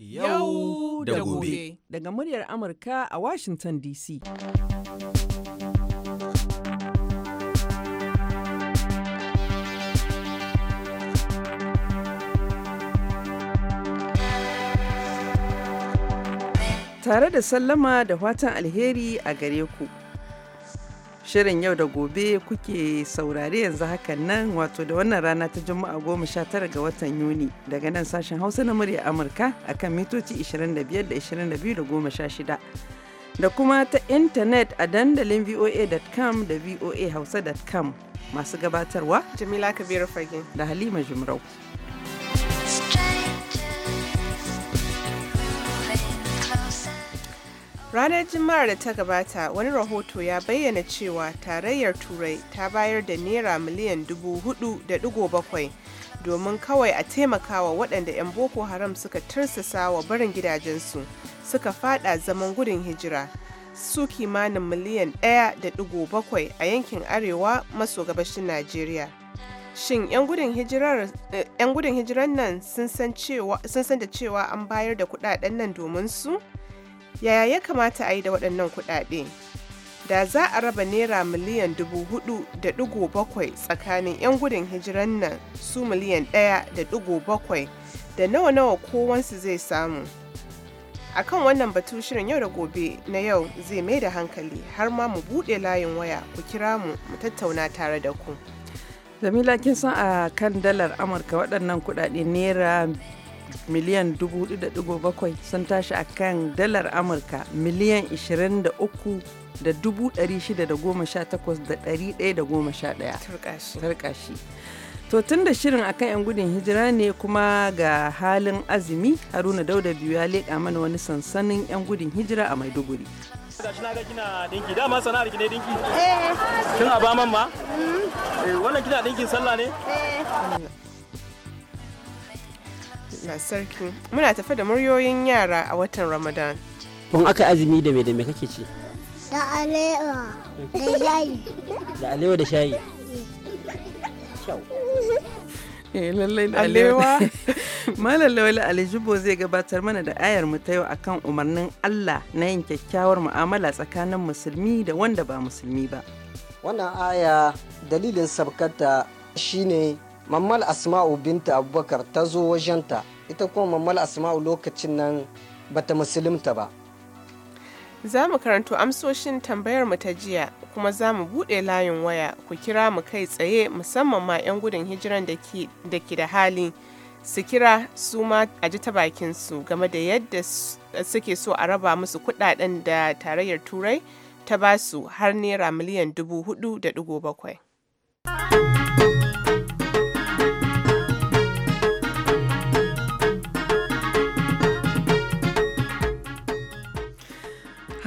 yau da gobe daga muryar amurka a washington dc tare da sallama da fatan alheri a gare ku Shirin yau da gobe kuke saurari yanzu hakan nan wato da wannan rana ta Juma'a goma sha tara ga watan Yuni daga nan sashen Hausa na murya Amurka akan mitoci 25 da 22 da goma sha shida. Da kuma ta intanet a dandalin voa.com da voa voahausa.com masu gabatarwa Jamila Kabiru Fage da Halima jimrau ranar juma'ar da ta gabata wani rahoto ya bayyana cewa tarayyar turai ta bayar da naira miliyan dubu hudu da digo bakwai domin kawai a taimakawa waɗanda 'yan boko haram suka tursasa wa barin gidajensu suka fada zaman gudun hijira su kimanin miliyan ɗaya da digo bakwai a yankin arewa maso gabashin najeriya shin 'yan gudun hijirar nan sun san da cewa an bayar da kudaden nan domin su? yaya ya kamata a yi da waɗannan kuɗaɗe da za a raba naira miliyan dubu hudu da ɗigo bakwai tsakanin 'yan gudun hijiran nan su miliyan ɗaya da ɗigo bakwai da nawa-nawa kowansu zai samu akan wannan batu shirin yau da gobe na yau zai mai da hankali har ma mu buɗe layin waya ku kira mu mu tattauna tare da ku jamila kin san a kan dalar amurka waɗannan kuɗaɗe naira miliyan 4.7 sun tashi a kan dalar amurka miliyan 23,618,111 tarkashi to tun da shirin akan 'yan gudun hijira ne kuma ga halin azumi haruna dauda biyu ya leƙa mana wani sansanin 'yan gudun hijira a maiduguri gashi na ga kina dinki dama sana'ar ki ne dinki eh. ma mm-hmm. eh, wannan kina dinkin sallah ne eh. Allah sarki muna tafe da muryoyin yara a watan Ramadan. Kun aka azumi da me da me kake ci? Da alewa da shayi. Da alewa da shayi. Eh, alewa. Malam Alijibo zai gabatar mana da ayar mu ta yau akan umarnin Allah na yin kyakkyawar mu'amala tsakanin musulmi da wanda ba musulmi ba. Wannan aya dalilin sabkata shine mammal asma'u binta abubakar ta zo wajenta ita kuma mammal asma'u lokacin nan bata musulunta ba za mu karanto amsoshin tambayar mu ta jiya kuma za mu buɗe layin waya ku kira mu kai tsaye musamman ma 'yan gudun hijiran da ke da hali su kira su ma a ji ta bakin su game da yadda suke so a raba musu kudaden da tarayyar turai ta basu har naira miliyan dubu hudu da dubu bakwai.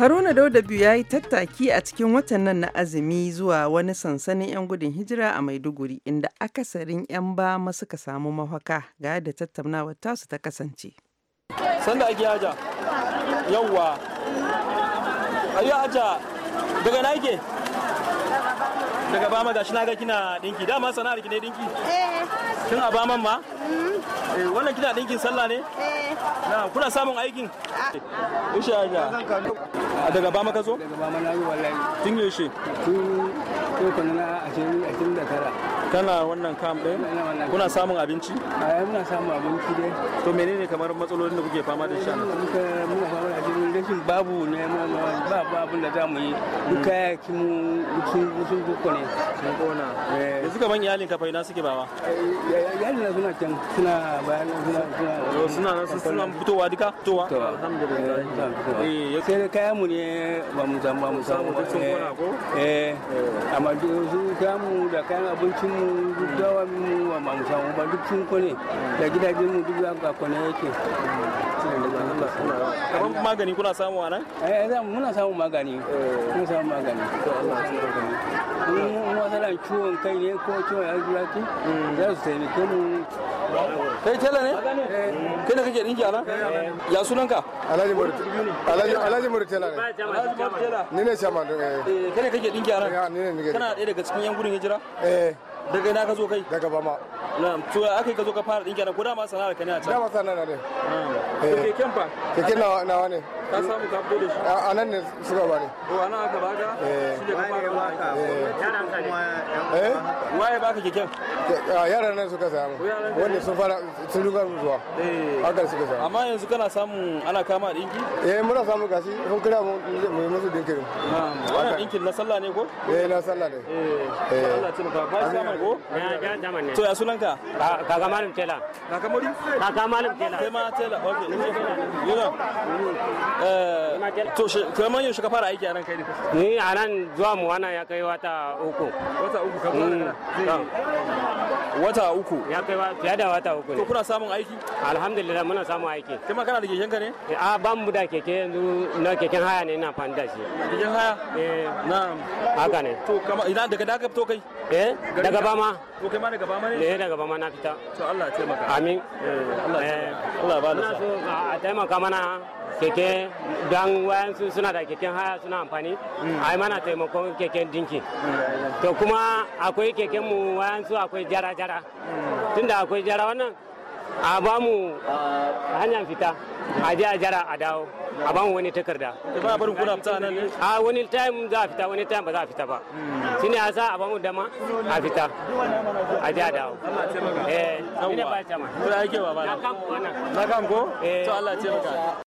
Haruna Dauda biyu ya yi tattaki a cikin watan nan na azumi zuwa wani sansanin 'yan gudun hijira a Maiduguri inda akasarin 'yan bama suka samu mafaka ga da tattaunawar tasu ta kasance. Sanda ake haja, yawwa, ayi haja daga na daga bama da shi naga kina dinki dama sana'ar ki ne dinki eh kin a baman ma mm-hmm. eh wannan kina dinkin sallah ne eh na kuna samun aikin ah. insha Allah daga bama ka zo daga bama na yi wallahi tun yaushe ko ko na a a cikin da tara kana wannan kam din kuna samun abinci? a muna samun abinci dai to menene kamar matsalolin da kuke fama da shi muna fama rashin babu ne ba babu da za mu yi duk kayayyakin mu sun ne kona da eh. suka ban iyalin kafa ina suke bawa eh, eh, iyalin suna can suna bayan suna suna suna suna fitowa duka fitowa alhamdulillah sai da mu ne ba mu samu ba mu samu ba sun kona ko eh amma duk su da kayan abincin mu duk hmm. dawa mu ba mu samu ba duk sun kone da gidajen mu duk za ka kone yake hmm. kamar magani kuna samu a nan? Eh, eh muna samun magani. Eh. Muna samun magani. To Allah ya ciwon kai ne ko ciwon yanzu arziki hmm. za su taimake mu. Kai tela ne? Eh. Kai da kake dinki a nan? Ya sunanka? Alhaji Murtala. Alhaji Alhaji Murtala ne. Alhaji Murtala. Ni ne chairman. kai da kake dinki a nan? Ni ne Kana ɗaya daga cikin yan gudun hijira? Eh. daga ina ka zo kai daga bama na'am to aka yi ka zo ka fara dinki nan ko dama sana'ar ka ne a can dama sana'ar ne keken fa keken nawa ne ka samu ka fito da shi a nan ne suka bani o ana aka baka eh. shi da ka fara baka eh. yaran ka eh waye baka keken yaran nan suka samu wanda sun fara sun ruga zuwa eh haka suka samu amma yanzu kana samu ana kama eh muna samu gashi sun kira mu mu musu dinkin wannan dinkin na sallah ne ko eh na sallah ne eh, eh. Allah ya ba ko ya ne to ya sunanka kaga malam tela kaga malam kaga malam tela ma tela okay Eh, to kamar yau ka fara aiki a nan kai ne ni a nan zuwa mu wannan ya kai wata uku wata uku ka fara mm, wata uku ya kai fiye da wata uku ne to kuna samun aiki alhamdulillah muna samun aiki kuma kana da keken ka ne eh, a ba mu da keke yanzu na keken haya ne ina fanda shi keken haya eh na haka ne to kamar idan daga da ka fito kai eh daga ba ma kai ma daga ba ma ne eh daga ba ma na fita to Allah ya taimaka amin eh, Allah eh. ba da sa so a taimaka mana keke wayan wayansu suna da keken haya suna amfani mm. ai mana taimako keken dinki mm, to kuma akwai keken mu wayansu akwai jara jara mm. tunda akwai jara wannan a ba mu hanyar fita a je a jara a dawo a ba mu wani takarda ba a barin kuna fita nan a wani time za a fita wani time ba za a fita ba hmm. ne a sa a ba mu dama a fita a je a dawo eh ina ba ta ma kura yake ba ba na kan ko eh. to Allah ya taimaka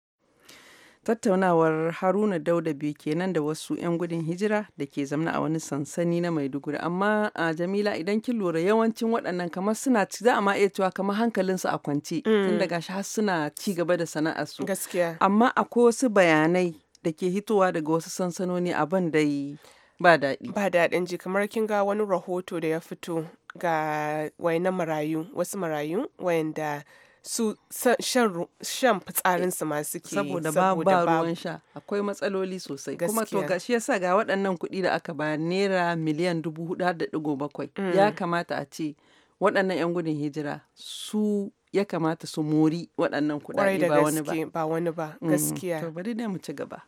Tattaunawar Haruna Dauda biyu kenan da wasu 'yan gudun hijira da ke zamna a wani sansani na Maiduguri. Amma a Jamila idan kin lura yawancin waɗannan kamar suna ci za a ma iya cewa kamar hankalinsu a kwanci mm. Tun daga shi har suna ci gaba da sana'arsu. Gaskiya. Amma akwai wasu bayanai da ke hitowa daga wasu sansanoni abin da ba daɗi. Ba daɗin ji kamar kin ga wani rahoto da ya fito ga wayanan marayu wasu marayu wayanda su shan fitsarinsu masu ke saboda ba ruwan sha akwai matsaloli sosai kuma to ga shi yasa ga waɗannan kuɗi da aka ba naira miliyan dubu hudu da digo bakwai mm. ya kamata a ce waɗannan 'yan gudun hijira su ya kamata su mori waɗannan kuɗaɗe ba wani ba ba wani ba mm. gaskiya to bari dai mu ci gaba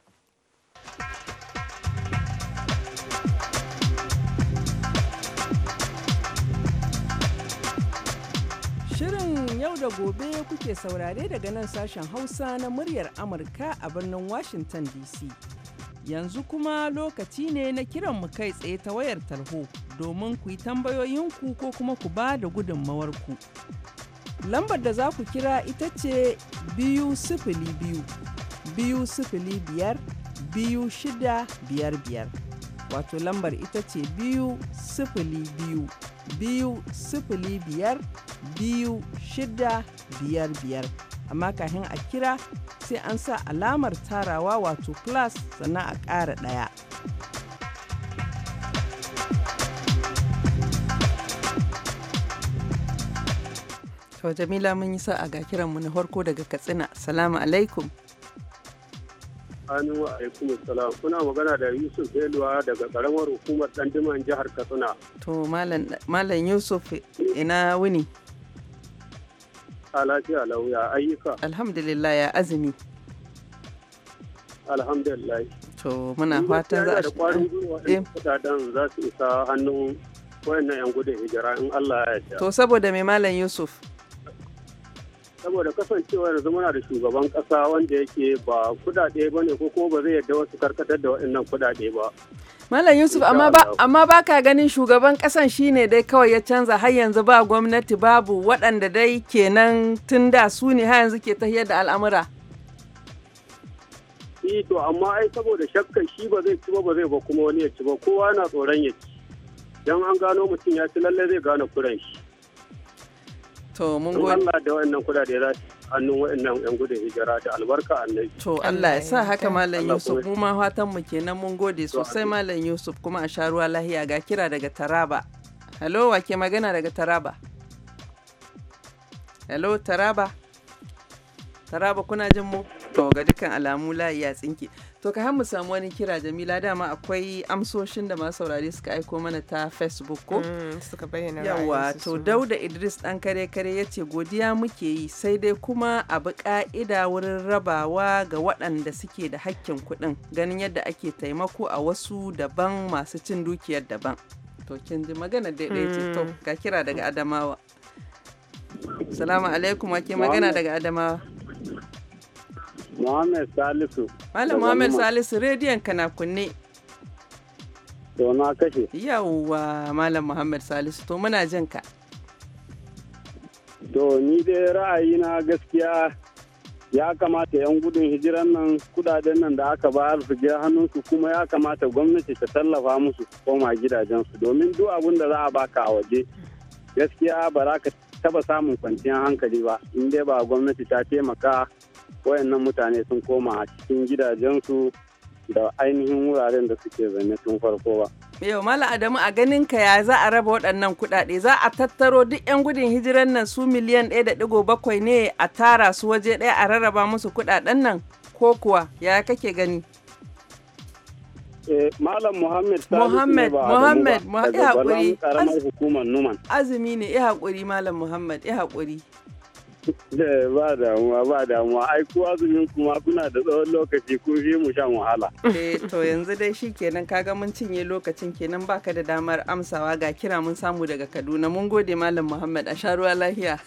yau da gobe kuke saurare daga nan sashen Hausa na muryar Amurka a birnin Washington DC. Yanzu kuma lokaci ne na kiran mu kai tsaye ta wayar tarho domin ku yi tambayoyinku ko kuma ku ba da ku Lambar da za ku kira ita ce biyu sifili biyu, biyu sifili biyar, biyu biyar Wato lambar ita ce biyu sifili biyu. biyu sifili biyar biyu shida biyar biyar amma kafin a kira sai an sa alamar tarawa wato plus sannan a ƙara ɗaya. To Jamila mun yi sa'a ga kiranmu na farko daga Katsina. Salamu alaikum. Amin wa alaikum salam. Kuna magana da Yusuf Beluwa daga karamar hukumar Dandiman jihar Katsina. To Malam Yusuf ina wuni. A Alauya lauya ayyuka. Alhamdulillah ya azumi. Alhamdulillah. To muna fatan za a da kwarin gwiwa eh? ɗin za su isa hannun wayannan 'yan gudun hijira in Allah ya yarda. To saboda mai Malam Yusuf. saboda kasancewar muna da shugaban kasa wanda yake ba kudade ba ne ko kuma ba zai yadda wasu karkatar da waɗannan kudade ba. Malam Yusuf amma ba ka baka ganin shugaban kasan shine dai kawai ya canza har yanzu ba gwamnati babu waɗanda dai kenan tun da su ne har yanzu ke tafiyar da al'amura. Ni to amma ai saboda shakkan shi ba zai ci ba ba zai ba kuma wani ya ci ba kowa na tsoron ya ci. Dan an gano mutum ya ci lallai zai gane kuran shi. To mun gode. Allah da wa'annan kudade za hannun wa'annan 'yan gudun hijira da albarka annabi. To Allah ya sa haka Malam Yusuf mu ma fatan mu kenan mun gode sosai Malam Yusuf kuma a sha ruwa lahiya ga kira daga Taraba. Hello wa ke magana daga Taraba? Hello Taraba? Taraba kuna jin mu? To ga dukkan alamu layi ya tsinke. To ka mu samu wani kira Jamila dama akwai amsoshin da masu saurare suka aiko mana ta Facebook ko? Mm, suka bayyana Yawa to Dauda Idris dan kare kare ya ce godiya muke yi sai dai kuma abu ka'ida wurin rabawa ga waɗanda suke da hakkin kuɗin ganin yadda ake taimako a wasu daban masu cin dukiyar daban. To kin ji magana daidai ce to mm. ga kira daga Adamawa. Salamu alaikum wake magana daga Adamawa. Muhammad Salisu. Malam Muhammad Salisu rediyon ka na kunne. To na kashe. Yawwa Malam Muhammad Salisu to muna jin ka. To ni dai ra'ayi na gaskiya ya kamata 'yan gudun hijiran nan kudaden nan da aka ba su je hannunsu kuma ya kamata gwamnati ta tallafa musu koma gidajensu domin duk abin da za a baka a waje gaskiya ba za ka taba samun kwanciyar hankali ba in dai ba gwamnati ta taimaka wayannan mutane sun koma a cikin gidajensu da ainihin wuraren da suke zane tun farko ba. Yau Mala Adamu a ganin ka ya za a raba waɗannan kuɗaɗe za a tattaro duk 'yan gudun hijirar nan su miliyan ɗaya da ɗigo bakwai ne a tara su waje ɗaya a rarraba musu kuɗaɗen nan ko kuwa ya kake gani? Eh, Malam Muhammad Muhammad Muhammad ya haƙuri. Azumi ne ya haƙuri Malam Muhammad ya haƙuri. Eh, ba damuwa ba damuwa ai kuwa zumin kuma kuna da tsawon lokaci kun fi mu shan wahala eh to yanzu dai shi kenan kaga mun cinye lokacin kenan baka da damar amsawa ga kira mun samu daga Kaduna mun gode malam Muhammad a sha ruwa lafiya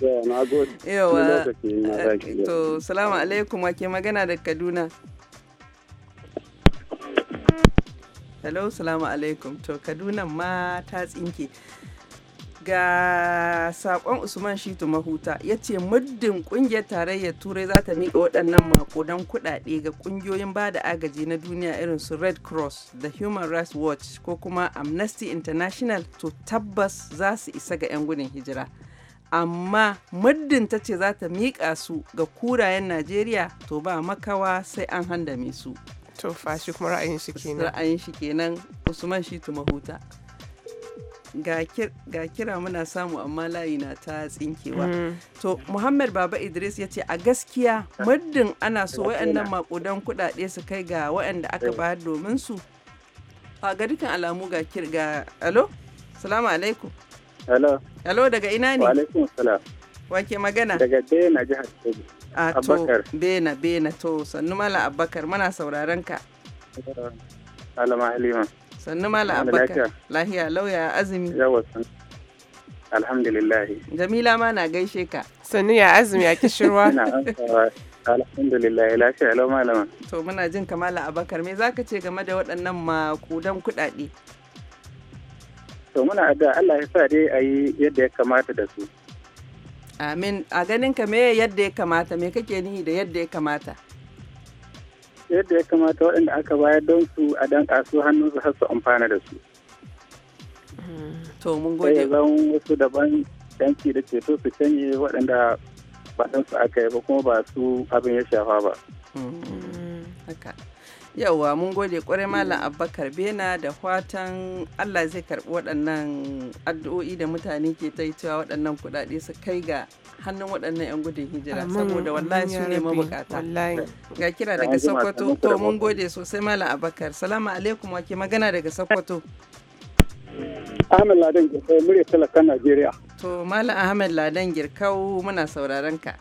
eh, yawa eh, to salamu alaikum wake magana da Kaduna hello salamu alaikum to Kaduna ma ta tsinke ga sakon Usman Shitu Mahuta ya ce muddin kungiyar tarayyar Turai za ta miƙa waɗannan makonan kuɗaɗe ga ƙungiyoyin ba da agaji na duniya irin su Red Cross da Human Rights Watch ko kuma Amnesty International to tabbas za su isa ga 'yan gudun hijira. Amma muddin ta ce za ta miƙa su ga kurayen Najeriya to ba makawa sai an handame su. To fashi kuma Ra'ayin shi kenan Usman Shitu Mahuta. ga kira muna samu amma layi na ta tsinkewa. Mm. To Muhammad Baba Idris ya ce a gaskiya muddin ana so waɗannan makudan kuɗaɗe su kai ga da aka eh. ba domin su. A ga dukkan alamu ga ga alo? Salamu alaikum. Alo. Alo daga ina ne? Wa alaikum salam. Wake magana? Daga Bena jihar Kebbi. A to Bena Bena to sannu mala Abakar muna sauraron ka. Malama Halima. sannu mala abaka lahiya lauya azumi yawa alhamdulillah jamila ma na gaishe ka sannu ya azumi ya kishirwa alhamdulillah lafiya lau malama to muna jin mala abakar me zaka ce game da waɗannan makudan kuɗaɗe to muna da Allah ya sa dai a yi yadda ya kamata da su amin a ganin ka me yadda ya kamata me kake nihi da yadda ya kamata yadda ya kamata waɗanda aka bayar don su a dan kasu hannun su har su amfana da su. To mun gode. Sai wasu daban danki da ceto su canye waɗanda ba su aka yi ba kuma ba su abin ya shafa ba. Mm, yauwa mun gode kwarai mm. malam abubakar bena da fatan allah zai karbi waɗannan addu'o'i da mutane ke ta cewa waɗannan kuɗaɗe su kai ga hannun waɗannan 'yan gudun hijira saboda wallahi su ne mabukata ga kira daga sokoto to mun gode sosai malam abubakar salamu alaikum wake magana daga sokoto ahmed ladan girkau murya talakan najeriya to malam ahmed ladan girkau muna sauraron ka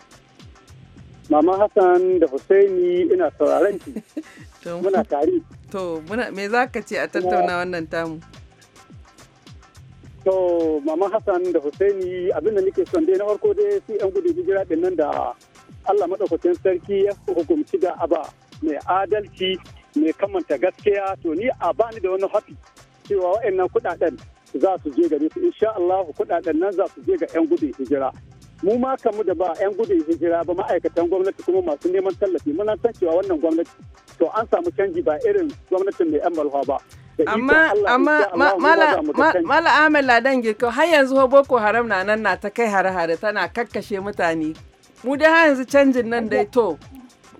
Mama Hassan da husaini ina sauraron ki. Muna tare. To, muna me za ka ce a tattauna wannan tamu? To, Mama Hassan da Hussaini abinda nake son dai na farko dai su 'yan gudu hijira din nan da Allah madaukakin sarki ya hukumci da aba mai adalci mai kamanta gaskiya to ni a bani da wani hafi cewa wa'annan kudaden za su je gare su insha Allah kudaden nan za su je ga 'yan gudun hijira mu ma kamu da ba 'yan gudun hijira ba ma'aikatan gwamnati kuma masu neman tallafi muna san cewa wannan gwamnati to an samu canji ba irin gwamnatin mai 'yan malwa ba amma amma mala ahmed ladan girka har yanzu boko haram na nan na ta kai hare-hare tana kakkashe mutane mu da har yanzu canjin nan dai to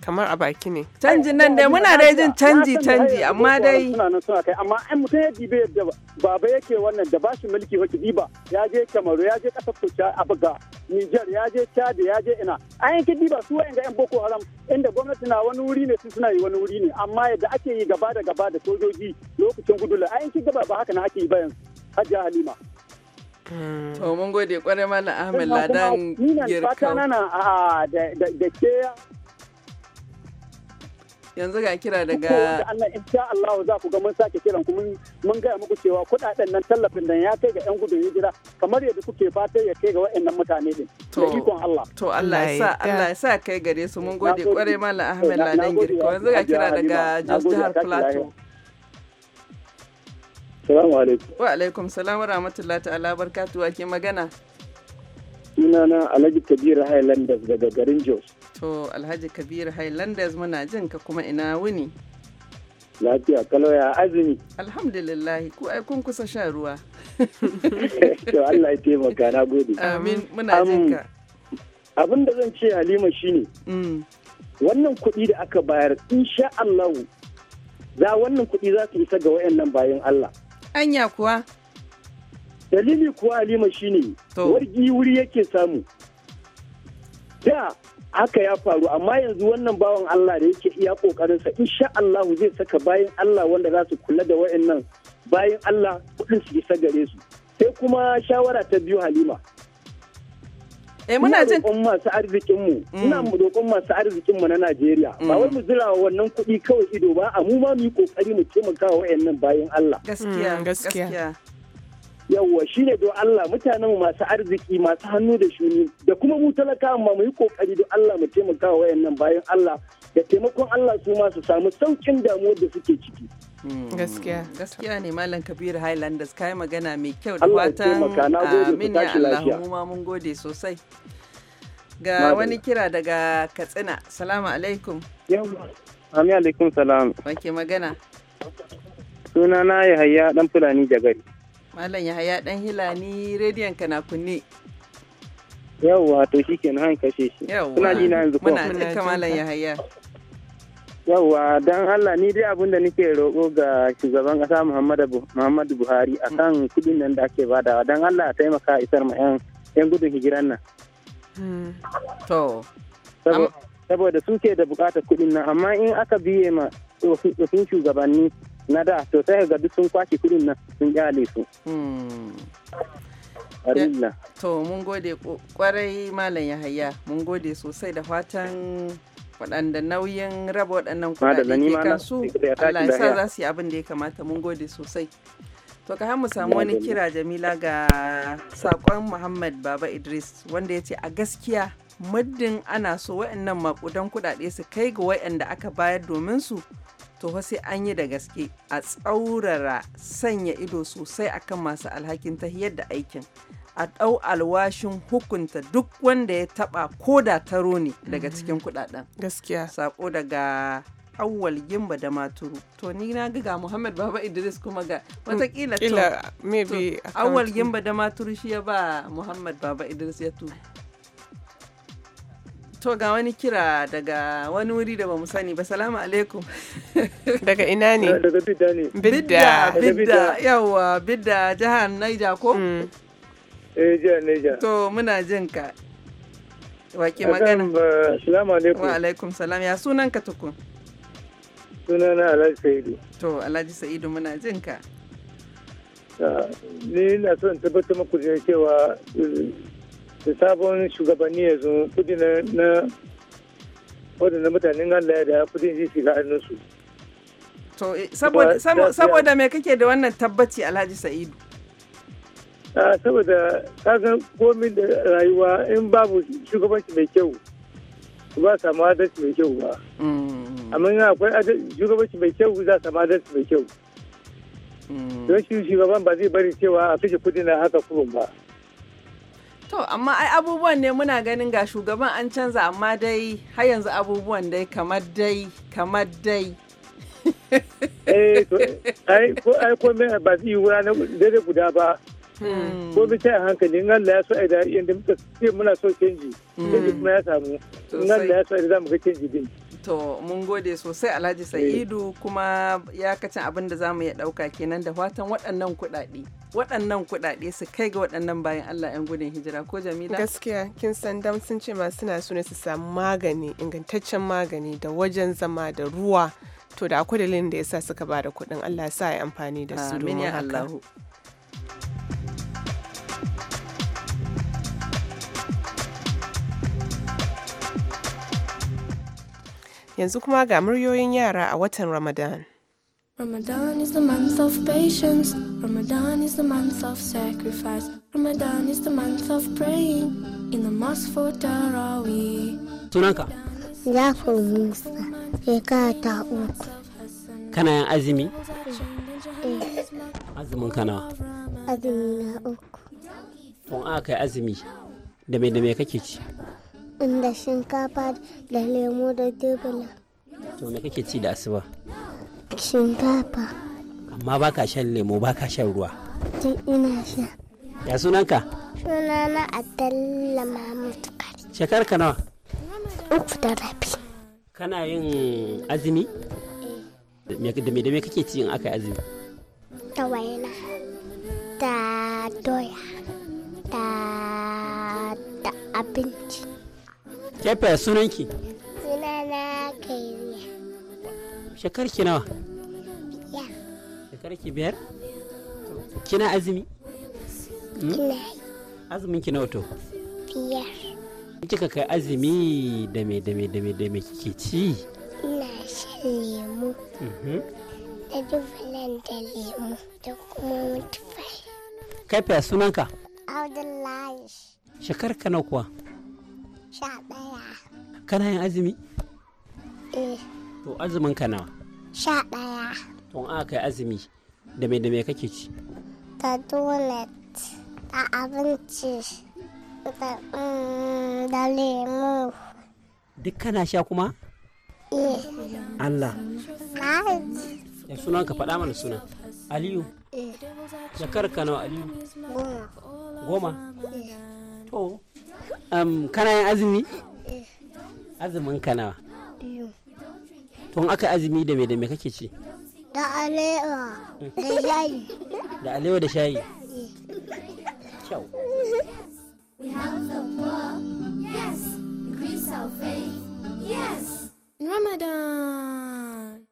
kamar a baki ne canji nan dai muna dai jin canji canji amma dai suna nan suna kai amma ai mutum ya dibe yadda baba yake wannan da bashi mulki wata diba ya je kamaru ya je kasar kuca buga niger ya je chad ya je ina an yanke diba su wayan ga yan boko haram inda gwamnati na wani wuri ne su suna yi wani wuri ne amma yadda ake yi gaba da gaba da sojoji lokacin gudula an yanke gaba ba haka na ake yi bayan hajjia halima hmm. To mun gode kwarai mana Ahmed Ladan Girkau. Ni fata nana da ke yanzu ga kira daga Allah insha Allah za ku ga mun sake kiran ku mun gaya muku cewa kuɗaɗen nan tallafin nan ya kai ga yan gudun hijira kamar yadda kuke fata ya kai ga waɗannan mutane din to ikon Allah to Allah ya sa Allah ya sa kai gare su mun gode kware mallam Ahmed Ladan Girko yanzu ga kira daga Jos Jihar Plateau Salamu alaikum. Wa alaikum salam wa rahmatullahi ta'ala barkatu wa ke magana. Sunana Alhaji Kabir Highlanders daga garin Jos. To Alhaji Kabiru Highlanders muna jin ka kuma ina wuni. Lafiya kalau azumi. Alhamdulillah ku ai kun kusa sha ruwa. To Allah ya taimaka na gode. Amin muna jin ka. Abin da zan ce Halima shine. Mm. Wannan kuɗi da aka bayar insha Allah za wannan kuɗi za su isa ga wayannan bayan Allah. Anya kuwa. Dalili kuwa Halima shine wargi wuri yake samu. Da haka ya faru amma yanzu wannan bawan Allah da yake iya kokarinsa insha Allah zai saka bayan Allah wanda za su kula da wayannan bayan Allah kudin su isa gare su sai kuma shawara ta biyu Halima eh muna jin roƙon masu arzikin mu mm. ina roƙon masu arzikin mu na Najeriya ba mm. wai mu wa wannan kuɗi kawai ido ba a mu mu yi kokari mu taimaka wa wayannan bayan Allah gaskiya mm, gaskiya yawwa shi ne don Allah mutanen masu arziki masu hannu da shuni da kuma mu talaka ma mu yi kokari don Allah mu taimaka wa wayannan bayan Allah da taimakon Allah su ma su samu saukin damuwar da suke ciki. Hmm. Gaskiya, gaskiya ne Malam Kabir Highlanders kai magana mai kyau da watan amin ya Allah mu ma mun gode sosai. Ga wani kira daga Katsina, salamu alaikum. Yawwa, amin alaikum salam. Wake magana. Sunana haya dan Fulani Jagari. Malam Yahaya dan Hilani rediyon ka na kunne. Yawwa to shikenan han kashe shi. Kuna ji na yanzu ko? Muna jin ka Malam Yahaya. Yawwa dan Allah ni dai abin da nake roƙo ga shugaban ƙasa Muhammadu Buhari akan kudin nan da ake badawa dan Allah taimaka isar ma 'yan gudun hijiran nan. Hmm. To. Saboda suke da bukatar kudin nan amma in aka biye ma tsofin shugabanni na da to sai ga duk sun kwashe kudin nan sun kyale su hmm. to mun gode kwarai malam yahaya mun gode sosai da fatan waɗanda nauyin raba waɗannan kuɗaɗe ke kansu Allah ya sa za su yi abin da ya kamata mun gode sosai to ka mu samu wani kira jamila ga saƙon muhammad baba idris wanda ya ce a gaskiya muddin ana so waɗannan makudan kuɗaɗe su kai ga waɗanda aka bayar domin su to sai an yi da gaske a tsaurara sanya ido sosai akan masu alhakin tahiyar da aikin a ɗau alwashin hukunta duk wanda ya taɓa ko da taro ne daga mhm. cikin kuɗaɗen gaskiya sako daga awwal gimba da maturu to ni na ga muhammad baba idris kuma ga mm, watakila to awwal gimba da maturu shi ya ba muhammad baba idris ya tu To ga wani kira daga wani wuri da ba mu sani ba. Salamu alaikum. daga ina ne? Daga Bidda ne. Bidda, Bidda, yawa Bidda jihar Naija ko? Mm. Eh jihar Naija. To muna jin ka. Wake magana. Salamu alaikum. Wa alaikum salam. Ya sunan ka tukun? Sunana Alhaji Sa'idu. To Alhaji Sa'idu muna jin ka. Ah, ni na son tabbatar muku cewa da sabon shugabanni ya zo kudi na wadanda mutanen Allah da kudin zai shiga hannunsu. To, eh, saboda me kake da wannan tabbaci Alhaji Sa'idu? saboda kasan komin da rayuwa in babu shugabanci mai kyau ba samu adalci mai kyau ba. Mm. Amma yana akwai shugabanci mai kyau za samu adalci mai kyau. Mm. Don shi shugaban ba zai bari cewa a kashe kudi na haka kurun ba. To, amma ai abubuwan ne muna ganin ga shugaban an canza amma dai har yanzu abubuwan dai kamar dai, kamar dai. Eh, ai ko mai ba su yi na dare guda ba. Ko bi ta hankali in Allah ya so ai da muka ce muna so canji. Hmm. Canji kuma ya samu. In Allah ya so ai za mu ga canji din. To mun gode sosai Alhaji eh. Sa'idu kuma ya yakacin abin da za mu iya dauka kenan da fatan waɗannan kuɗaɗe. Waɗannan kuɗaɗe su kai ga waɗannan bayan Allah 'yan gudun hijira ko Jamila? Gaskiya kin san dam sun ce masu suna so ne su samu magani ingantaccen magani da wajen zama da ruwa. To da akwai dalilin da yasa suka ba da kuɗin Allah sa ya amfani da su domin haka. yanzu kuma ga muryoyin yara a watan Ramadan. Ramadan is the month of patience. Ramadan is the month of sacrifice. Ramadan is the month of praying in the mosque for Tarawih. Sunanka? Jafar Musa, shekara ta uku. Kana yin azumi? Eh. Azumin kana? Azumi na uku. Tun aka yi azumi, da me da me kake ci? inda shinkafa da lemo da dubula to me kake ci da asuba shinkafa amma ba ka shan lemo ba ka shan ruwa Tun ina sha ya sunanka sunana adalla mahmud kari shekar ka nawa uku da rabi kana yin azumi eh. da me da me kake ci in aka yi azumi da waina da doya da da abin. kefe sunanki? Sunana Kairiya. Shekar ki nawa? Biyar. Shekar ki biyar? Kina azumi? Hmm? Kina. Azumin ki nawa to? Biyar. Kika kai azumi da me da me da me da me kike ci? Ina shan lemu. Mhm. Da dubulan da lemu da kuma mutufai. Kai fa sunanka? Abdullahi. Shekar ka nawa kuwa? sha ɗaya. Kana yin azumi? Eh. To azumin ka nawa? Sha ɗaya. To aka kai azumi da me da me kake ci? Da donut, da abinci, da mm, da lemu. Duk kana sha kuma? Eh. Allah. Ya sunan ka faɗa mana suna. Aliyu. Eh. Jakar ka nawa Aliyu? Goma. Goma? Eh. To. um, kana yin azumi azumin ka nawa tun aka azumi da me da me kake ci da alewa da shayi da alewa da shayi kyau Ramadan.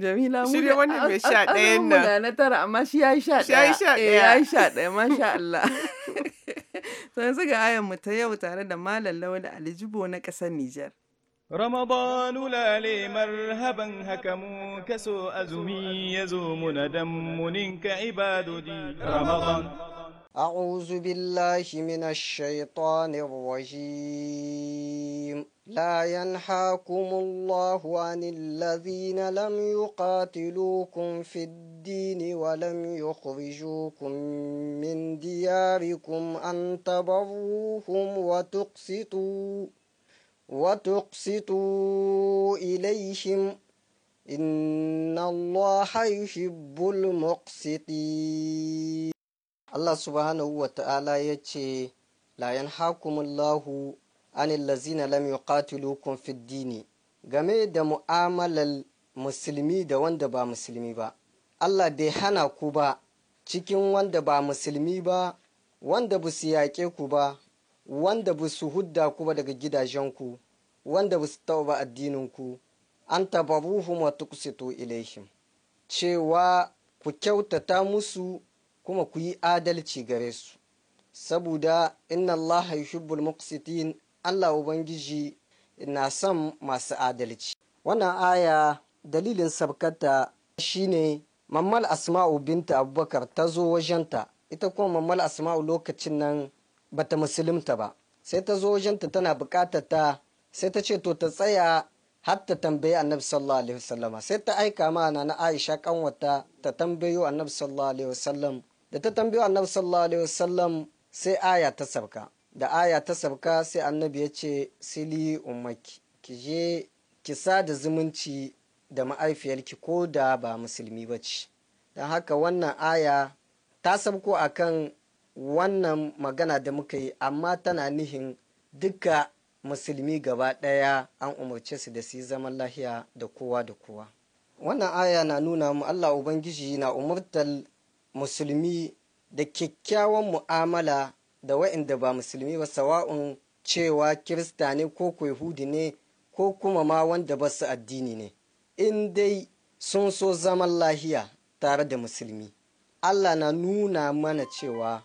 Jamila mu shirya wannan mai sha ɗayan nan. na tara amma shi ya yi sha ɗaya. Ya yi sha ɗaya, masha Allah. To yanzu ga ayanmu ta yau tare da Malam Lawal Alijibo na ƙasar Nijar. Ramadanu lale marhaban haka mu kaso azumi yazo mu muna dan ninka ibadodi. Ramadan أعوذ بالله من الشيطان الرجيم لا ينهاكم الله عن الذين لم يقاتلوكم في الدين ولم يخرجوكم من دياركم أن تبروهم وتقسطوا وتقسطوا إليهم إن الله يحب المقسطين Allah subhanahu wa ta'ala ya ce layan hakumullahu anil lazina lam yuqatilukum fid dini game da mu'amalar musulmi da wanda ba musulmi ba Allah bai hana ku ba cikin wanda ba musulmi ba wanda ba su yaƙe ku ba wanda ba su hudda ku ba daga gidajenku wanda ba su ba addininku an tabaruhum wa tuqsitu ilaihim cewa ku kyautata musu kuma ku yi adalci gare su saboda inna Allah yuhibbul muqsitin Allah ubangiji na son masu adalci wannan aya dalilin sabkata shine mammal asma'u binta abubakar ta zo wajenta ita kuma mammal asma'u lokacin nan bata musulunta ba sai ta zo wajenta tana bukatar ta sai ta ce to ta tsaya har ta tambayi annabi sallallahu alaihi wasallama sai ta aika mana na aisha kanwata ta tambayo annabi sallallahu alaihi wasallam da ta tambayi annabi sallallahu alaihi wasallam sai aya ta sabka da aya ta sabka sai annabi ya ce sili ummaki ki je ki sada zumunci da ma'aifiyarki ko da ba musulmi ba ce don haka wannan aya ta sabko akan wannan magana da muka yi amma tana nihin duka musulmi gaba ɗaya an umarce su da su yi zaman lahiya da kowa da kowa wannan aya na nuna mu allah ubangiji na umartar musulmi da kyakkyawan mu'amala da wa'inda ba musulmi ba sawa'un cewa kirista ne ko yahudi ne ko kuma ma wanda ba su addini ne in dai sun so zaman lahiya tare da musulmi allah na nuna mana cewa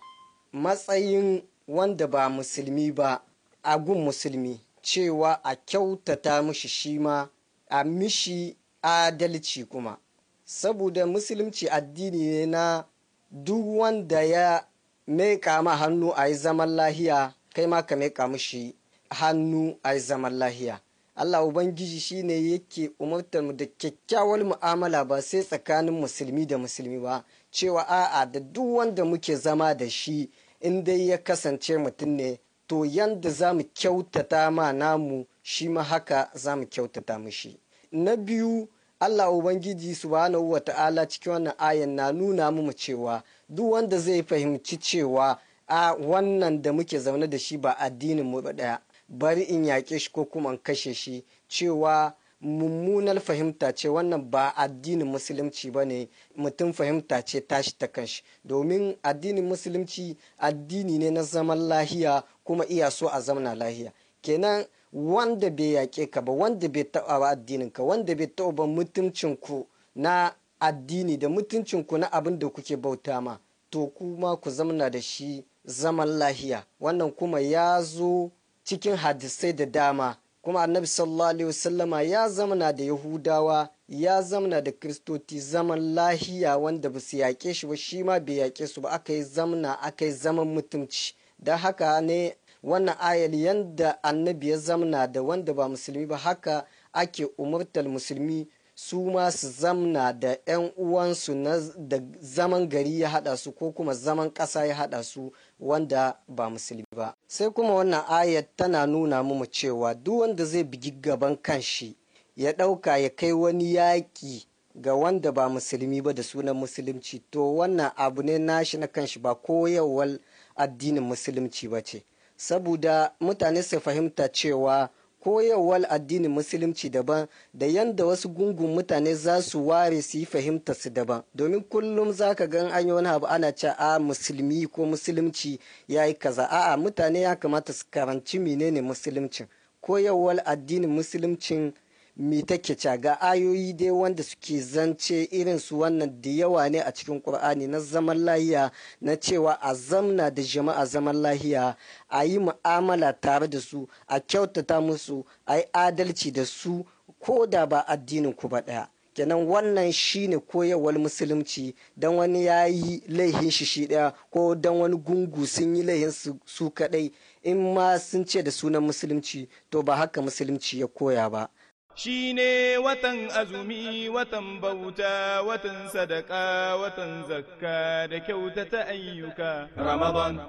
matsayin wanda ba musulmi ba a gun musulmi cewa a kyautata mishi shi ma a mishi adalci kuma saboda musulunci addini ne na duk wanda ya meka ma hannu a yi zaman lahiya kai ma ka meka mushi hannu a yi zaman lahiya Allah Ubangiji shi ne yake umartar mu da kyakkyawar mu'amala ba sai tsakanin musulmi da musulmi ba cewa a'a da duk wanda muke zama da shi in dai ya kasance mutum ne to yanda za mu kyautata ma namu shi ma haka za mu kyautata mushi na biyu Allah Ubangiji subhanahu wa ta'ala cikin wannan ayan na nuna mu cewa duk wanda zai fahimci cewa a wannan da muke zaune da shi ba addinin mu daya bari in yaƙe shi ko kuma in kashe shi cewa mummunar fahimta ce wannan ba addinin musulunci ba ne mutum fahimta ce tashi ta kanshi domin addinin musulunci addini ne na zaman lahiya kuma iya so a zamana lahiya kenan wanda bai yaƙe ka ba wanda bai taɓa ba addinin ka wanda bai taɓa ba mutuncin ku na addini da mutuncin ku na abin da kuke bauta ma to kuma ku zamana da shi zaman lahiya wannan kuma ya zo cikin hadisai da dama kuma annabi sallallahu alaihi wasallama ya zamana da yahudawa ya zamana da kristoti zaman lahiya wanda ba su yaƙe shi ba shi ma bai yaƙe su ba aka yi zamana aka yi zaman mutunci don haka ne wannan ayar yadda annabi ya zamna da wanda ba musulmi ba haka ake umurtar musulmi su ma su zamna da 'yan uwansu na da zaman gari ya haɗa su ko kuma zaman ƙasa ya haɗa su wanda ba musulmi ba sai kuma wannan ayar tana nuna mu cewa duk wanda zai bigi gaban kanshi ya ɗauka ya kai wani yaƙi ga wanda ba musulmi ba da sunan musulunci to wannan abu ne nashi na kanshi ba koyarwar addinin musulunci ba ce saboda mutane su fahimta cewa koyarwar addinin musulunci daban da yadda wasu gungun mutane za su ware su yi fahimta su daban domin kullum za ka gan an yi wani abu ana ce a musulmi ko musulunci ya yi kaza a'a mutane ya kamata su karanci menene musulunci koyarwar addinin musuluncin me take ca ayoyi dai wanda suke zance irin su wannan da yawa ne a cikin Qur'ani na zaman lahiya na cewa a zamna da jama'a zaman lahiya a yi mu'amala tare da su a kyautata musu a yi adalci da su ko da ba addinin ku ba ɗaya kenan wannan shi ne koyarwar musulunci don wani ya yi laihin shi shi ɗaya ko don wani gungu sun yi laihin su kaɗai in ma sun ce da sunan musulunci to ba haka musulunci ya koya ba shi ne watan azumi watan bauta watan sadaka watan zakka da kyauta ta ayyuka ramadan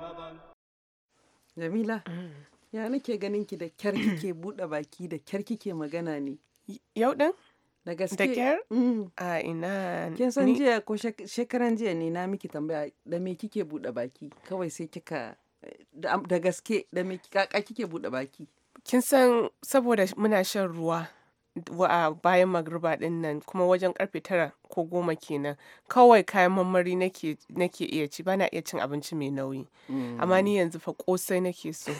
jamila mm. ya nake ganin ki da kyar kike buɗe baki da kyar kike magana ne yau ɗin da gaske mm. a ina kin san jiya ko shekaran jiya ne na miki tambaya da me kike buɗe baki kawai sai kika da gaske da me kika kike buɗe baki kin san saboda muna shan ruwa a bayan magruba din nan kuma wajen karfe tara ko goma kenan kawai kayan marmari nake iya ci bana iya cin abinci mai nauyi amma ni mm. yanzu fa kosai nake so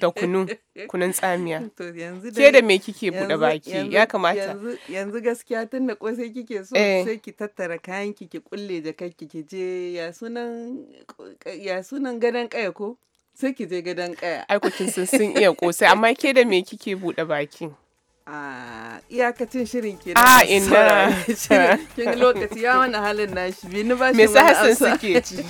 da kunu kunun tsamiya ke da me kike buɗe baki ya kamata yanzu gaskiya tun da kosai kike so eh. sai ki tattara kayan ki ki kulle jakar ki ki je ya sunan ya sunan gadon kaya ko sai ki je gadon kaya ai sun sun iya kosai amma ke da me kike buɗe baki a ah, iyakacin shirin ke a ina kin lokaci ya wani halin nashi shi. ni ba shi suke ci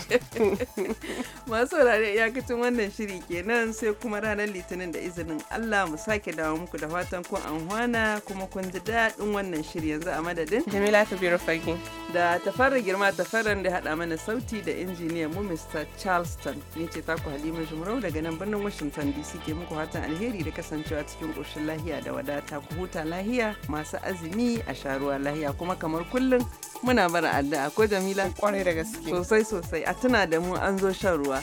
masu saurare iyakacin wannan shiri kenan sai kuma ranar litinin da izinin Allah mu sake dawo muku da fatan kun hwana kuma kun ji daɗin wannan shiri yanzu a madadin Jamila Kabiru Fage da tafarra girma tafarar da haɗa mana sauti da injiniyan mu Mr. Charleston ni ce taku Halima Jumrau daga nan birnin Washington DC ke muku fatan alheri da kasancewa cikin ƙoshin lahiya da wadata ku huta lahiya masu azumi a sharuwa lahiya kuma kamar kullum muna bara addu'a ko jamila kwarai da gaske sosai sosai a tuna da mu an zo shan ruwa